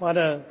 meine